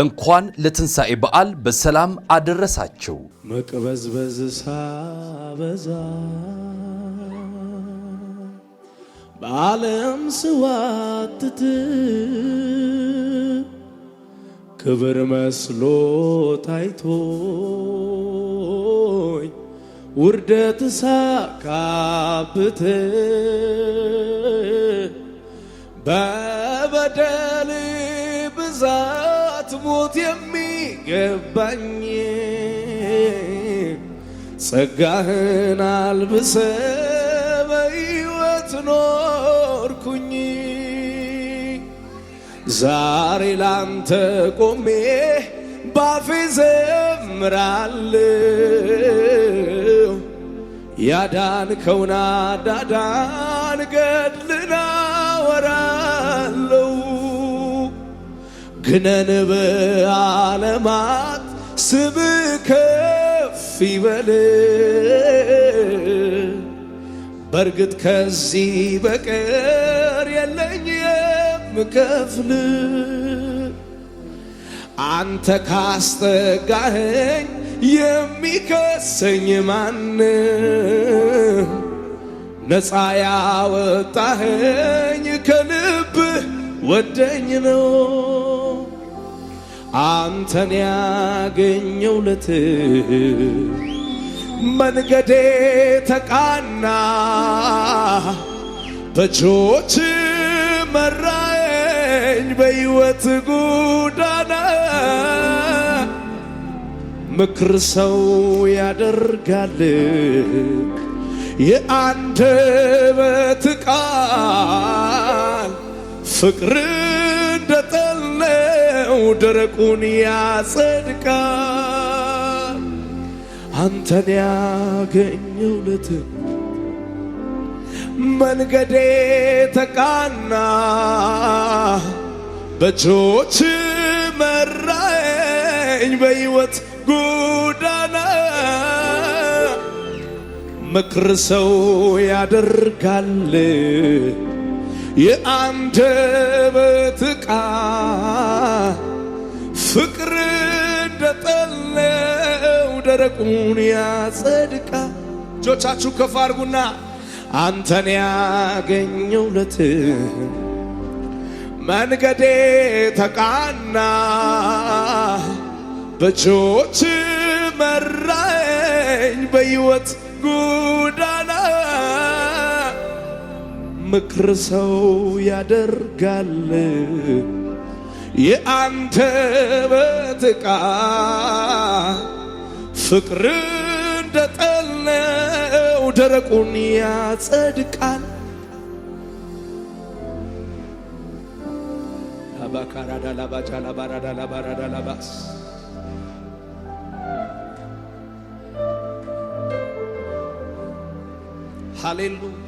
እንኳን ለትንሣኤ በዓል በሰላም አደረሳቸው። መቅበዝበዝ ሳበዛ በዓለም ስዋትት ክብር መስሎ ታይቶኝ ውርደት ሳካብት በበደል ብዛት ሞት የሚገባኝ ጸጋህን አልብሰ በሕይወት ኖርኩኝ። ዛሬ ላንተ ቆሜ ባፌ ዘምራለሁ ያዳንከውን አዳዳን ገድ ክነን በዓለማት ስም ከፍ ይበል። በእርግጥ ከዚህ በቀር የለኝ የምከፍል አንተ ካስጠጋኸኝ የሚከሰኝ ማን? ነፃ ያወጣኸኝ ከልብህ ወደኝ ነው። አንተን ያገኘው ለት መንገዴ ተቃና በጆች መራኝ በሕይወት ጎዳና ምክር ሰው ያደርጋል የአንደበት ቃል ፍቅር ደረቁን ያጸድቃል። አንተን ያገኘው ለት መንገዴ ተቃና፣ በእጆች መራኝ በሕይወት ጎዳና ምክር ሰው ያደርጋል የአንደበት ዕቃ ፍቅር እንደጠለው ደረቁን ያጸድቃ። እጆቻችሁ ከፍ አድርጉና አንተን ያገኘው ለት መንገዴ ተቃና፣ በእጆች መራኝ በሕይወት ጎዳና። ምክር ሰው ያደርጋል የአንተ በትቃ ፍቅር እንደጠለው ደረቁን ያጸድቃል። ላባካራዳ ላባጫ ላባራዳ ላባራዳ ላባስ ሃሌሉያ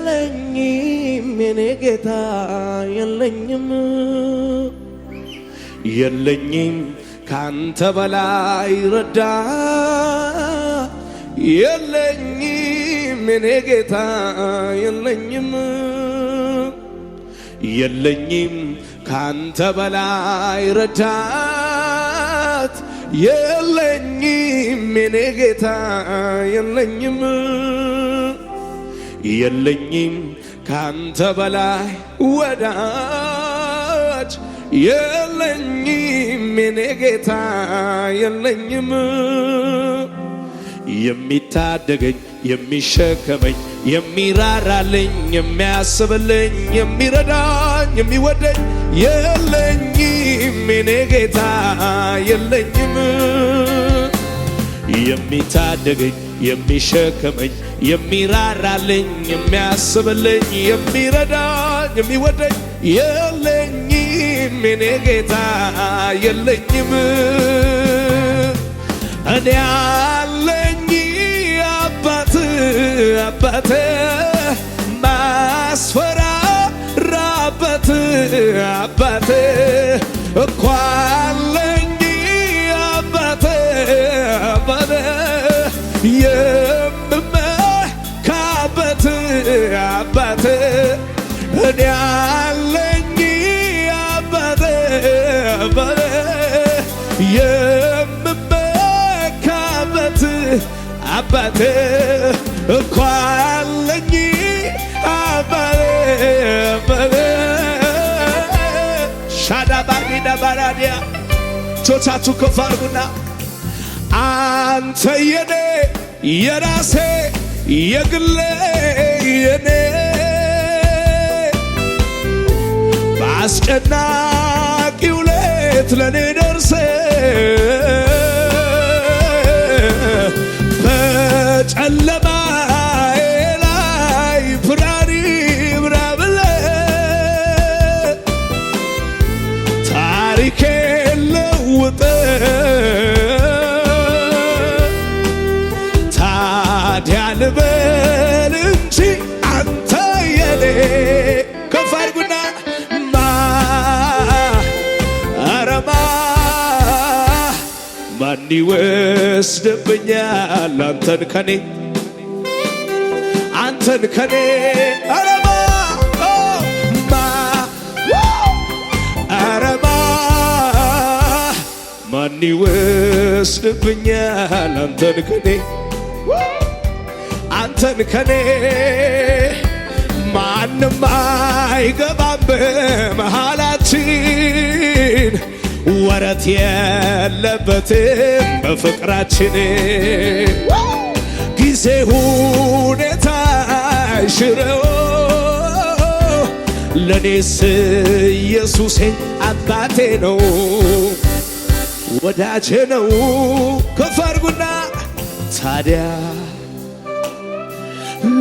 የለኝም የኔ ጌታ የለኝም የለኝም ካንተ በላይ ረዳት የለኝም የኔ ጌታ የለኝም የለኝም ካንተ በላይ ረዳት የለኝም የኔ ጌታ የለኝም የለኝም ካንተ በላይ ወዳጅ የለኝም የኔ ጌታ የለኝም የሚታደገኝ የሚሸከመኝ የሚራራልኝ የሚያስብልኝ የሚረዳኝ የሚወደኝ የለኝም የኔ ጌታ የለኝም የሚታደገኝ የሚሸከመኝ የሚራራልኝ የሚያስብልኝ የሚረዳኝ የሚወደኝ የለኝም የኔ ጌታ የለኝም እኔ አለኝ አባት አባቴ ራበት አባቴ እኳለ አባቴ እኮ አለኝ አባቴ አባቴ ሻዳ ባርዲና አንተ የኔ የራሴ የግሌ የኔ በአስጨናቂው ሌት ለእኔ ደርሰ I love ማን ይወስድብኛል አንተን ከኔ አንተን ከኔ አረማ አረማ ማን ይወስድብኛል አንተን ከኔ አንተን ከኔ ማንም አይገባም በመሃላችን ወረት የለበትም በፍቅራችን ጊዜ ሁኔታ አይሽረው ለኔስ ኢየሱሴ አባቴ ነው ወዳጄ ነው። ከፍ ታዲያ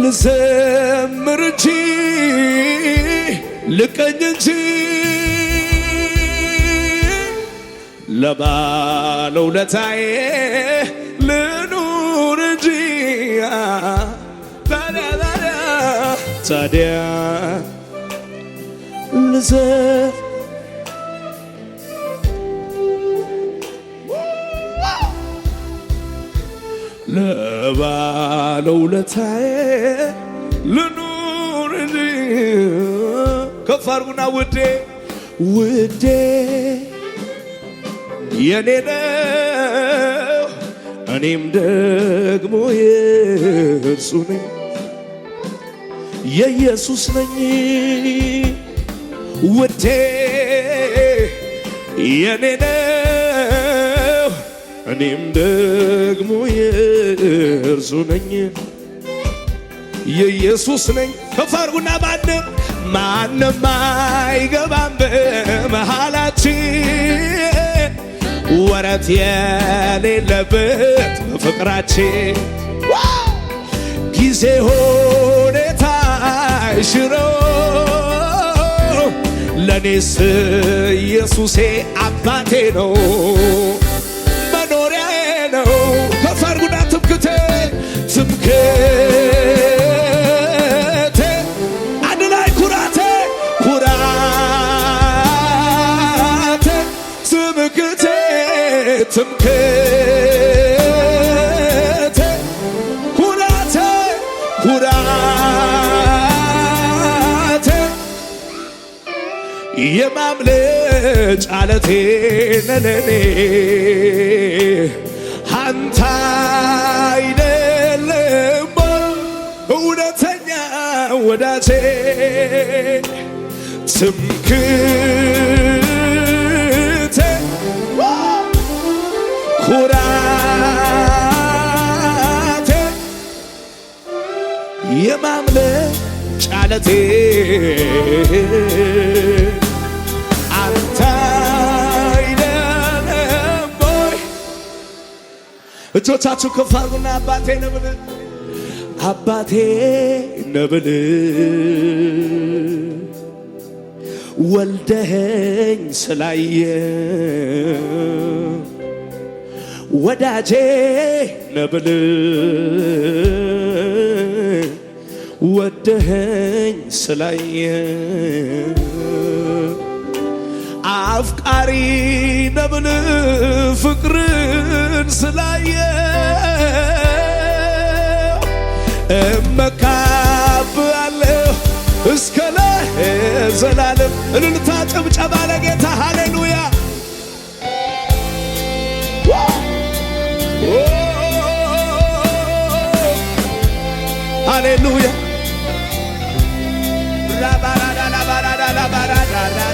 ልዘምር እንጂ ልቀኝ እንጂ ለባለ ውለታዬ ልኑር እንጂ ታዲያ ልዘፍ ለባለ ልኑር እንጂ ከፍ አድርጉና ውዴ ውዴ የኔ ነው እኔም ደግሞ የእርሱ ነኝ የኢየሱስ ነኝ ውዴ የኔ ነው እኔም ደግሞ የእርሱ ነኝ የኢየሱስ ነኝ ከፋርጉና ማንም ማንም አይገባም በመሃላችን ወረት የሌለበት በፍቅራችን ጊዜ ሁኔታ ሽሮ ለኔስ ኢየሱሴ አባቴ ነው መኖሪያዬ ነው ከፋርጉና ትምክቴ ትምክት ትምክህቴ ኩራቴ ኩራቴ የማምለጫ ዓለቴ ነለኔ አንተ አይደለም እውነተኛ ወዳጄ ትምክህ የማምለጫ ዓለቴ አንተ አይደለም ወይ? እጆቻችሁ ከፍ አድርጉና አባቴ ነብል ብል አባቴ ነህ ወልደኸኝ ስላየ ወዳጄ ነህ ወደኸኝ ስላየ አፍቃሪ ነብል ፍቅርን ስላየ እመካብአለሁ እስከ ላይ ዘላለም እልልታ ጭብጨባ ለጌታ ሃሌሉ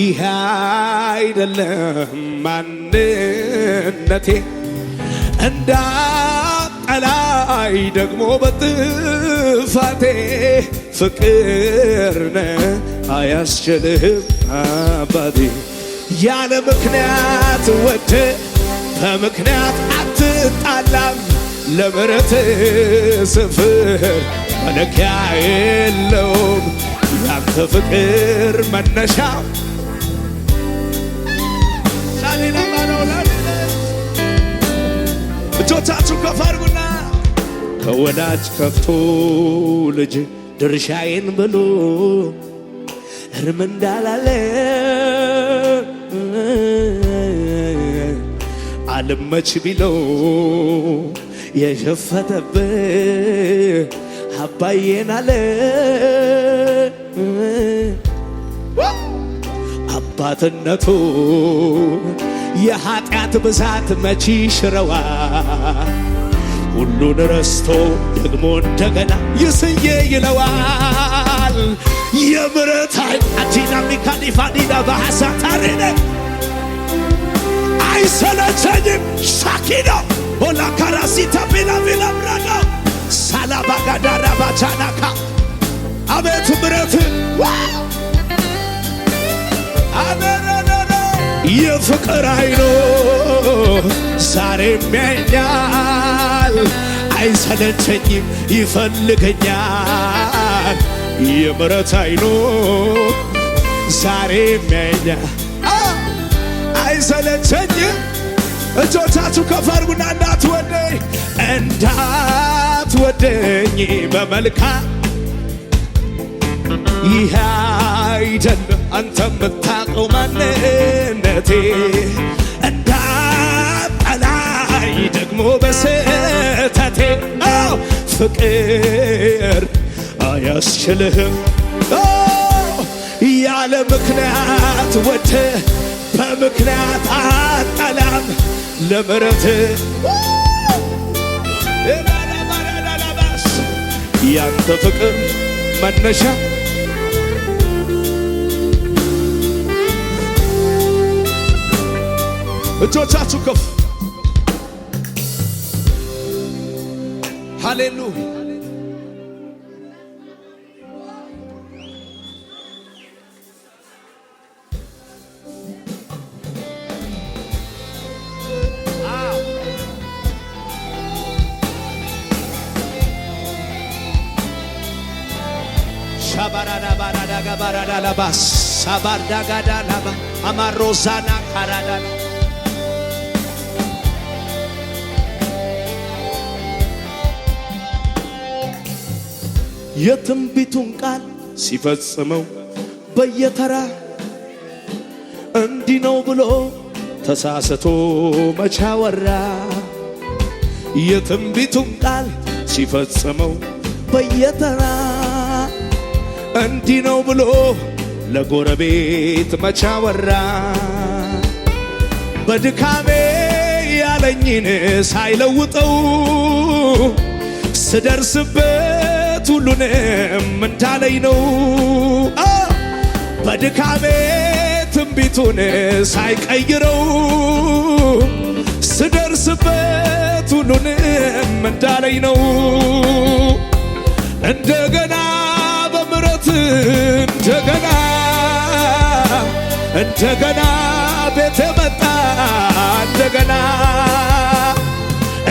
ይህ አይደለም ማንነቴ እንዳጠላይ ደግሞ በጥፋቴ ፍቅርነ አያስችልህም አባቴ ያለ ምክንያት ወደ በምክንያት አትጣላም ለምረት ስፍር መለኪያ የለውም ያንተ ፍቅር መነሻ ከፍ አድርጉና ከወዳጅ ከፍቶ ልጅ ድርሻዬን ብሎ እርም እንዳላለ አልመች ቢለው የሸፈተብህ አባዬን አለ አባትነቱ የኃጢአት ብዛት መች ሽረዋ ሁሉን ረስቶ ደግሞ እንደገና ይስዬ ይለዋል። የምረት ኃይል አዲናሚካን ፋዲና ባህሳ ታሪነ አይሰለቸኝም ሻኪኖ ሆላካራሲታ ቢላቢላምራና ሳላባጋዳራ ባቻናካ አቤት ምረት አቤት የፍቅር አይኖ ዛሬ የሚያኛል አይሰለቸኝም ይፈልገኛል የምረት አይኖ ዛሬ የሚያኛል አይሰለቸኝም እጆቻችሁ ከፍ እንዳትወደኝ እንዳትወደኝ በመልካም ይህ አይደል አንተ የምታውቀው ማንነቴ እንዳጠላኝ ደግሞ በስተቴ ፍቅር አያስችልህም ያለ ምክንያት ወደ በምክንያት አጠላም ለምረት ያንተ ፍቅር መነሻ እጆቻችሁ ከፍ ሃሌሉ ሻባራዳባራዳጋባራዳላባ ሳባርዳጋዳላባ አማሮዛና ካራዳላ የትንቢቱን ቃል ሲፈጽመው በየተራ እንዲህ ነው ብሎ ተሳስቶ መቻወራ የትንቢቱን ቃል ሲፈጽመው በየተራ እንዲህ ነው ብሎ ለጎረቤት መቻወራ ወራ በድካሜ ያለኝን ሳይለውጠው ስደርስበት እውነት ሁሉንም እንዳለኝ ነው። በድካሜ ትንቢቱን ሳይቀይረው ስደርስበት ሁሉንም እንዳለኝ ነው። እንደገና በምረት እንደገና እንደገና ቤት መጣ እንደገና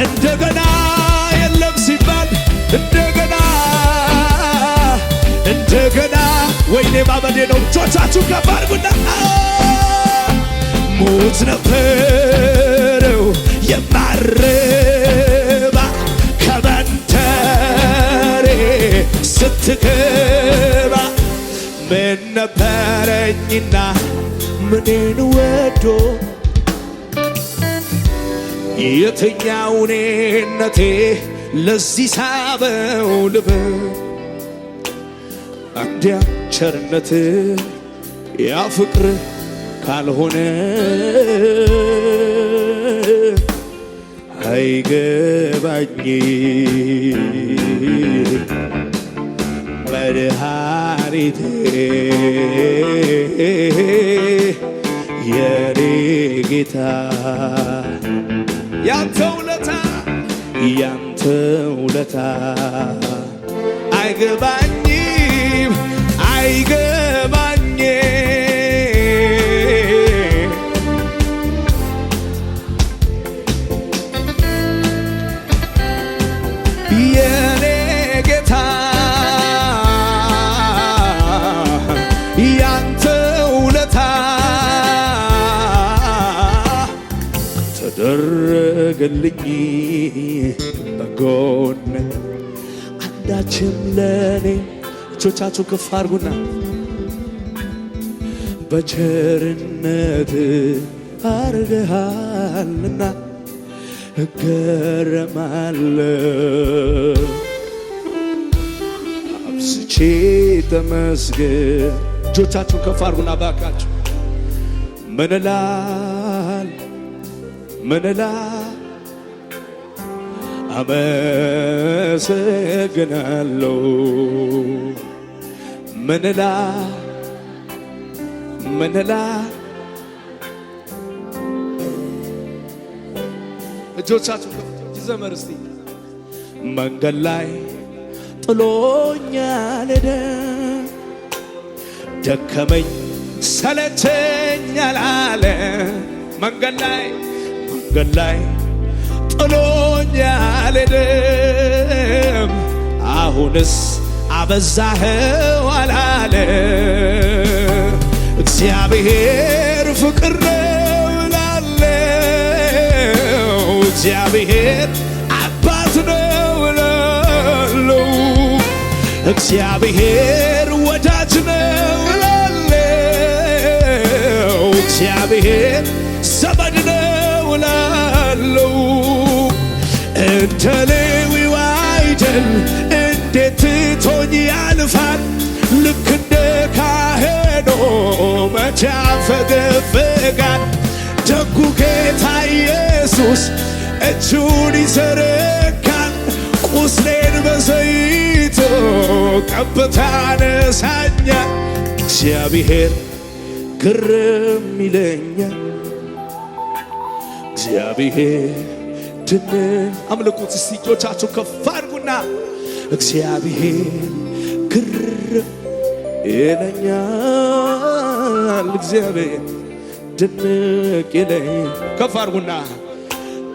እንደገና የለም ሲባል እንደገና እንደገና ወይኔ ማመዴ ነው። እጆቻችሁ ከፍ አድርጉና ሞት ነበረው የማረባ ከመንተሬ ስትገባ ምን ነበረኝና ምኔን ወዶ የትኛው እኔነቴ ለዚህ ሳበው ልብ አንድያ ቸርነት ያ ፍቅር ካልሆነ አይገባኝ መድኃኒቴ የኔ ጌታ ያንተ ውለታ ያንተ ውለታ አይገባኝ አይገባኝ የኔ ጌታ ያንተ ውለታ ተደረገልኝ በጎነት አንዳችም ለኔ እጆቻችሁ ከፍ አድርጉና በቸርነት አርገሃልና እገረማለሁ አብዝቼ ተመስገን። እጆቻችሁን ከፍ አድርጉና ባካችሁ ምንላል ምንላ አመሰግናለሁ ምንላ ምንላ እጆቻችሁ ይዘመር እስቲ መንገድ ላይ ጥሎኛል ሄደ ደከመኝ ሰለቸኝ አላለ መንገድ ላይ መንገድ ላይ ጥሎኛል ሄደ አሁንስ አበዛኸው አላለ እግዚአብሔር ፍቅር ነው እላለው እግዚአብሔር አባት ነው እላለው እግዚአብሔር ወዳጅ ነው እላለው እግዚአብሔር ዘመድ ነው እላለው እንደ ሌዊው አይደል ያልፋል ልክ እንደ ካህኑ መቼ ያንፈገፍጋል ደጉ ጌታ ኢየሱስ እጁን ይዘረጋል ቁስሌን በዘይት ቀብቶ እግዚአብሔር ግርም ይለኛል እግዚአብሔር ድንን አምልኩት እስቲ እጆቻችሁ ከፍ አድርጉና እግዚአብሔር ግር ይለኛል፣ እግዚአብሔር ድንቅ ይለኝ። ከፍ አድርጉና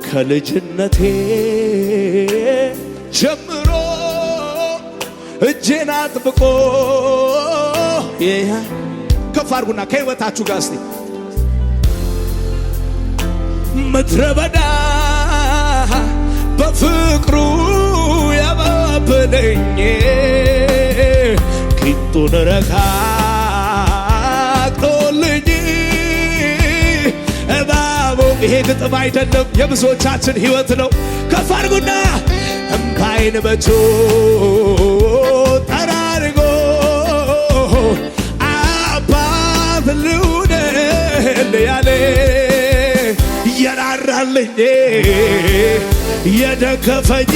ከልጅነቴ ጀምሮ እጄን አጥብቆ ከፍ አድርጉና ከህይወታችሁ ጋር እስቲ ምድረ በዳ በፍቅሩ አሳበለኝ ቂጡን ረካቅቶልኝ እባቡ ይሄ ግጥም አይደለም፣ የብዙዎቻችን ሕይወት ነው። ከፍ አድርጉና እምባይን በጆ ጠራርጎ አባት ልውደል ያለ የራራልኝ የደገፈኝ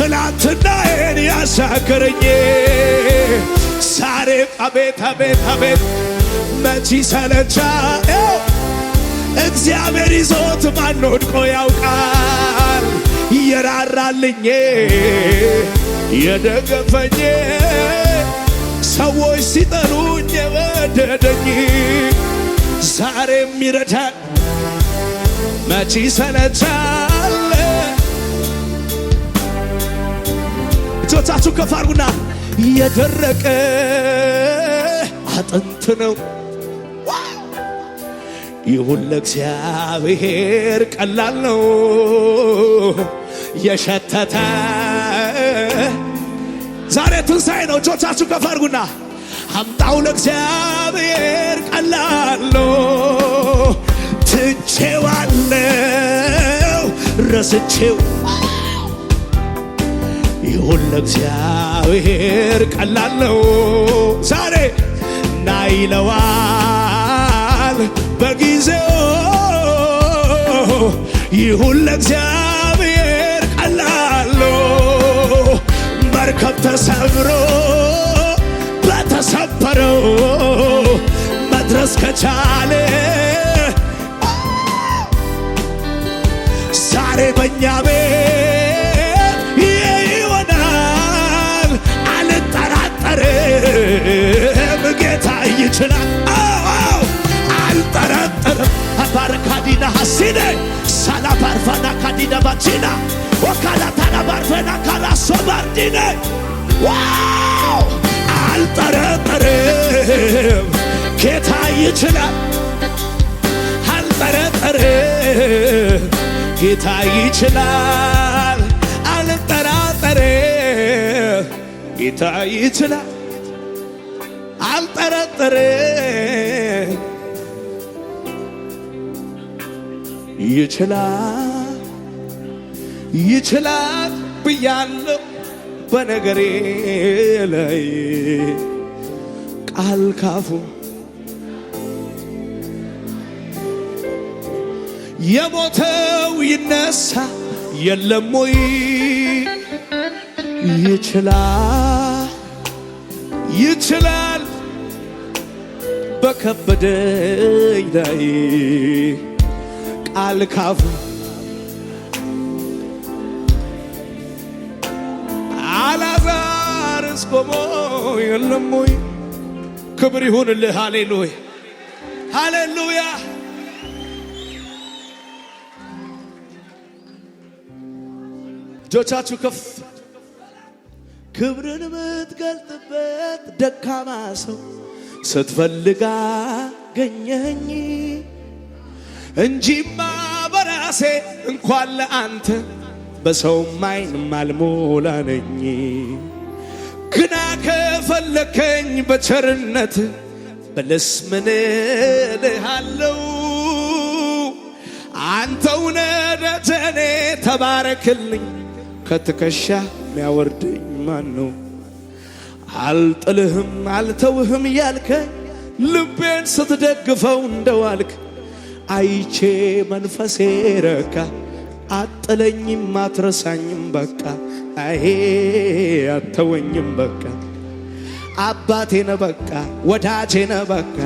ትላንትና ይሄን ያሻገረኝ ዛሬ አቤት አቤት አቤት መቺ ሰለቻ እግዚአብሔር ይዞት ማን ወድቆ ያውቃል? ይራራልኝ የደገፈኝ ሰዎች ሲጠሉኝ የወደደኝ ዛሬም ይረዳል መቺ ሰለቻል እጆቻችሁ ከፍ የደረቀ አጥንት ነው ይሁን ለእግዚአብሔር ቀላል ነው። የሸተተ ዛሬ ትንሣኤ ነው። እጆቻችሁ ከፍ አድርጉና አምጣው ለእግዚአብሔር ቀላል ነው። ትቼዋለው ረስቼው ይሁን ለእግዚአብሔር ቀላል ነው ዛሬ ና በጊዜው ይሁን ለእግዚአብሔር ቀላል ነው መርከብ ተሰብሮ በተሰበረው መድረስ ከቻለ ዛሬ በእኛ ቤት ጌታ ይችላል። አልጠረጥርም። አባር ካዲና ሐሲነ ሳላ ባርፋና ካዲና ባቺና ወካላ ታላ ባርፈና ካላ ሶባርዲነ ዋው አልጠረጥርም። ጌታ ይችላል። አልጠረጥርም። ጌታ ይችላል። አልጠራጠርም። ጌታ ይችላል። እየጠረጠረ ይችላል ይችላል ብያለው በነገሬ ላይ ቃል ካፉ የሞተው ይነሳ የለም ወይ ይችላል ይችላል በከበደኝ ላይ ቃል ካፉ አላዛር እስቆሞ የለም ወይ? ክብር ይሁንልህ። ሃሌሉያ ሃሌሉያ። እጆቻችሁ ከፍ ክብርን የምትገልጥበት ደካማ ሰው ስትፈልጋ ገኘኝ እንጂማ በራሴ እንኳን ለአንተ በሰውም አይን ማልሞላ ነኝ። ግና ከፈለከኝ በቸርነት በለስ ምን ልሃለው አንተ ውነደተኔ ተባረክልኝ ከትከሻ ሚያወርደኝ ማን ነው? አልጥልህም አልተውህም ያልከኝ ልቤን ስትደግፈው እንደዋልክ አይቼ መንፈሴ ረካ አጥለኝም አትረሳኝም በቃ አሄ አተወኝም በቃ አባቴ ነ በቃ ወዳጄ ነ በቃ